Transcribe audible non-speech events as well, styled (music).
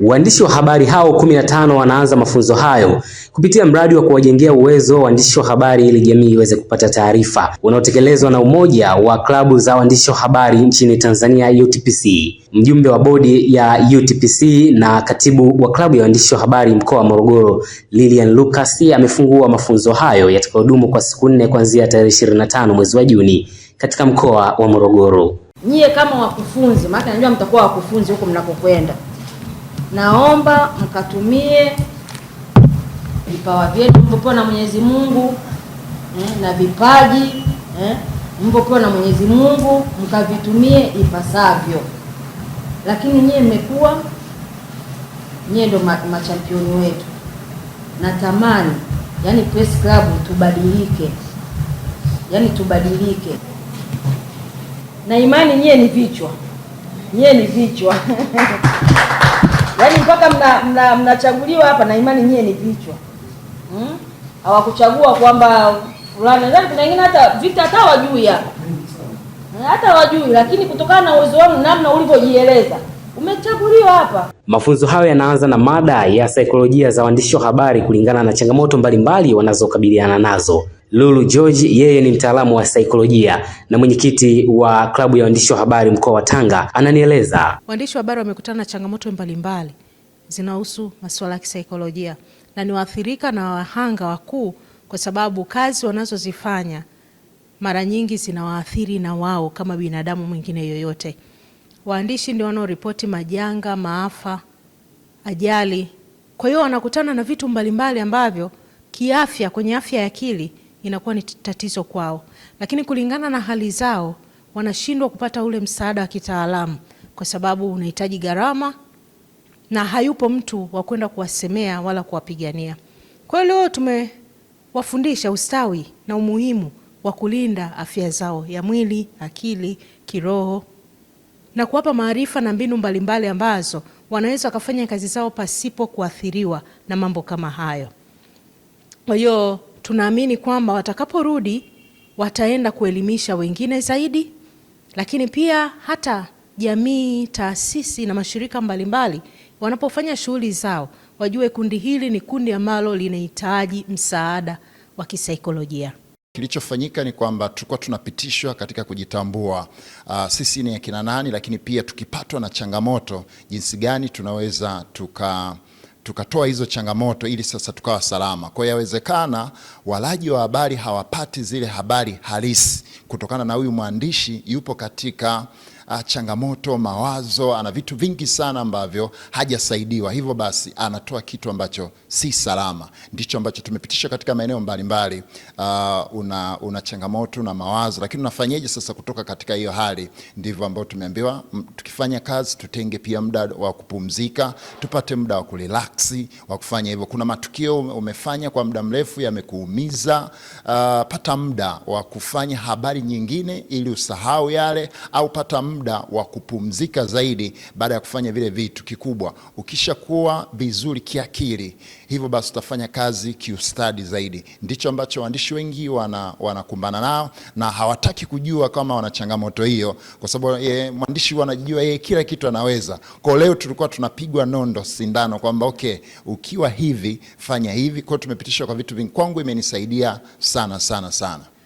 Waandishi wa habari hao kumi na tano wanaanza mafunzo hayo kupitia mradi wa kuwajengea uwezo waandishi wa habari ili jamii iweze kupata taarifa unaotekelezwa na Umoja wa Klabu za Waandishi wa Habari nchini Tanzania UTPC. Mjumbe wa bodi ya UTPC na katibu wa klabu ya waandishi wa habari mkoa wa Morogoro, Lilian Lucas amefungua mafunzo hayo yatakayodumu kwa siku nne kuanzia tarehe 25 mwezi wa Juni katika mkoa wa Morogoro. Nyie kama wakufunzi, maana najua mtakuwa wakufunzi huko mnakokwenda naomba mkatumie vipawa vyetu mvopewa na Mwenyezi Mungu eh, na vipaji eh, mvopewa na Mwenyezi Mungu mkavitumie ipasavyo, lakini nyie mmekuwa nyie ndo machampioni wetu. Natamani yani Press Club tubadilike, yani tubadilike, na imani nyie ni vichwa, nyie ni vichwa (laughs) mpaka mnachaguliwa mna, mna hapa na imani nyie ni vichwa hmm? Hawakuchagua kwamba fulani, nadhani kuna wengine hata vita hata wajui hapa hmm, hata wajui, lakini kutokana na uwezo wangu namna ulivyojieleza umechaguliwa hapa. Mafunzo hayo yanaanza na mada ya saikolojia za waandishi wa habari kulingana na changamoto mbalimbali wanazokabiliana nazo. Lulu George yeye ni mtaalamu wa saikolojia na mwenyekiti wa klabu ya waandishi wa habari mkoa wa Tanga, ananieleza waandishi wa habari wamekutana na changamoto mbalimbali mbali zinahusu masuala ya kisaikolojia na ni waathirika na wahanga wakuu, kwa sababu kazi wanazozifanya mara nyingi zinawaathiri na wao kama binadamu mwingine yoyote. Waandishi ndio wanaoripoti majanga, maafa, ajali. Kwa hiyo wanakutana na vitu mbalimbali ambavyo kiafya, kwenye afya ya akili inakuwa ni tatizo kwao, lakini kulingana na hali zao wanashindwa kupata ule msaada wa kitaalamu kwa sababu unahitaji gharama na hayupo mtu wa kwenda kuwasemea wala kuwapigania. Kwa hiyo leo tumewafundisha ustawi na umuhimu wa kulinda afya zao ya mwili, akili, kiroho na kuwapa maarifa na mbinu mbalimbali ambazo wanaweza wakafanya kazi zao pasipo kuathiriwa na mambo kama hayo. Kwa hiyo tunaamini kwamba watakaporudi wataenda kuelimisha wengine zaidi, lakini pia hata jamii, taasisi na mashirika mbalimbali mbali, wanapofanya shughuli zao wajue kundi hili ni kundi ambalo linahitaji msaada wa kisaikolojia. Kilichofanyika ni kwamba tulikuwa tunapitishwa katika kujitambua, uh, sisi ni akina nani, lakini pia tukipatwa na changamoto, jinsi gani tunaweza tuka tukatoa hizo changamoto ili sasa tukawa salama. Kwa hiyo yawezekana walaji wa habari hawapati zile habari halisi kutokana na huyu mwandishi yupo katika Ah, changamoto, mawazo, ana vitu vingi sana ambavyo hajasaidiwa, hivyo basi anatoa kitu ambacho si salama. Ndicho ambacho tumepitisha katika maeneo mbalimbali. Uh, una, una changamoto na mawazo, lakini unafanyaje sasa kutoka katika hiyo hali? Ndivyo ambayo tumeambiwa tukifanya kazi tutenge pia muda wa kupumzika, tupate muda wa kurelaksi, wa kufanya hivyo. Kuna matukio umefanya kwa muda mrefu yamekuumiza, uh, pata muda wa kufanya habari nyingine ili usahau yale, au pata muda muda wa kupumzika zaidi baada ya kufanya vile vitu. Kikubwa, ukishakuwa vizuri kiakili, hivyo basi utafanya kazi kiustadi zaidi. Ndicho ambacho waandishi wengi wana, wanakumbana nao na hawataki kujua kama wana changamoto hiyo, kwa sababu yeye mwandishi wanajua yeye kila kitu anaweza. Kwa leo tulikuwa tunapigwa nondo sindano kwamba okay, ukiwa hivi fanya hivi. Kwa tumepitishwa kwa vitu vingi, kwangu imenisaidia sana sana sana.